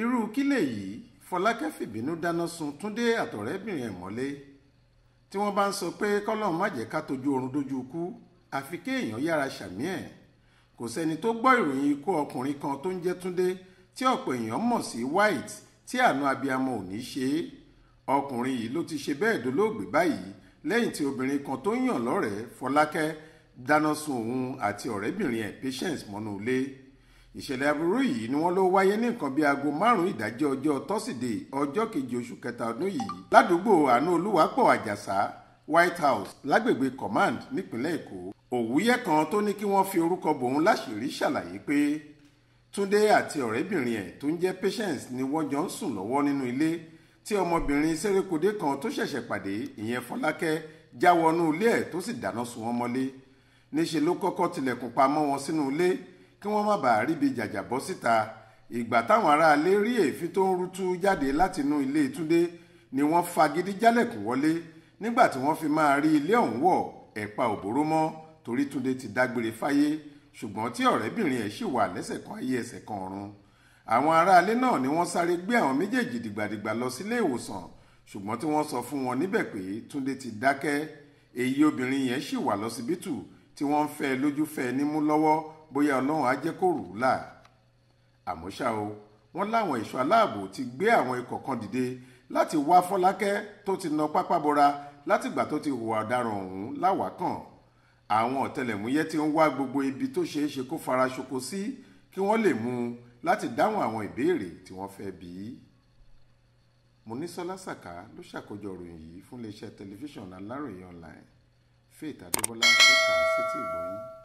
irú kí lèyí fọlákẹ́ fìbínú dáná sun túndé àtọ̀rẹ́bìnrin ẹ̀ mọ́lé tí wọ́n bá ń sọ pé kọ́lọ́run má jẹ́ ká tójú oorun dójú ikú àfi kéèyàn yára ṣàmì ẹ̀ kò sẹ́ni tó gbọ́ ìròyìn ikú ọkùnrin kan tó ń jẹ́ túndé tí ọ̀pọ̀ èèyàn mọ̀ sí white tí àánú abiyamọ ò ní ṣe é ọkùnrin yìí ló ti ṣe bẹ́ẹ̀ dolóògbé báyìí lẹ́yìn tí obìnrin kan tó ń yàn lọ́rẹ̀ẹ́ fọlákẹ́ dáná sun òun àti ọ̀rẹ́bìnrin ẹ̀ patience mọ́nú ilé ìṣẹ̀lẹ̀ aburú yìí ni wọ́n ló wáyé ní nǹkan bíi aago márùn-ún ìdájọ́ ọjọ́ tọ́sídẹ̀ẹ́ ọjọ́ kejì oṣù kẹta ọdún yìí ládùúgbò àánú olúwapọ̀ àjàsà white house lágbègbè command nípínlẹ̀ èkó òwúyẹ́ kan tó ní kí wọ́n fi orúkọ bòun láṣìírí ṣàlàyé pé túndé àti ọ̀rẹ́bìnrin ẹ̀ tó ń jẹ́ patience ni wọ́n jọ ń sùn lọ́wọ́ nínú ilé tí ọmọbìnrin sérékodé kan tó ṣẹ̀ṣẹ̀ pàdé ìyẹn fọlákẹ́ já wọnú ilé ẹ̀ tó sì dáná sun wọn mọ́lé níṣe ló kọ́kọ́ tilẹ̀kùn pamọ́ wọn sínú ilé kí wọ́n má bàa ríbi jàjà bọ́ síta ìgbà táwọn aráalé rí èéfín tó ń rútú jáde látinú ilé túndé ni wọ́n fagídí jálẹ̀kùn wọlé nígbà tí wọ́n fi máa rí ilé ọ̀hún wọ̀ ẹ̀pa òbóró mọ́ torí túndé ti dágbére fáyé ṣùgbọ́n tí ọ̀rẹ́bìnrin ẹ̀ ṣì wà lẹ́sẹ̀ kan ayé ẹsẹ̀ kan ọ̀run àwọn aráalé náà ni wọ́n sáré gbé àwọn méjèèjì dìgbàdìgbà lọ sílé ìwòsàn ṣùgbọ́n tí wọ́n sọ fún wọn níbẹ̀ pé túndé ti dákẹ́ èyí obìnrin yẹn ṣì wà lọ́sibítù tí wọ́n ń fẹ́ lójú nímú lọ́wọ́ bóyá ọlọ́run á jẹ́ kó rù ú là àmọ́ ṣá o wọ́n láwọn ẹ̀ṣọ́ aláàbò ti gbé àwọn ikọ̀ kan dìde láti wá fọlákẹ́ tó ti na pápá bora látìgbà tó ti hùwà ọ̀daràn ọ̀hún láwàkàn àwọn ọ̀tẹlẹ̀múyẹ́ ti ń wá gbogbo ibi tó ṣeé ṣe kó fara ṣoko sí kí wọ́n lè mú un láti dáhùn àwọn ìbéèrè tí wọ́n fẹ́ bí i. Monísọ́lá Sàká ló ṣàkójọ ìròyìn yìí fún iléeṣẹ́ tẹlifíṣàn Aláròye online Faith Adébọ́lá ló kà á sétí ìgbóyìn.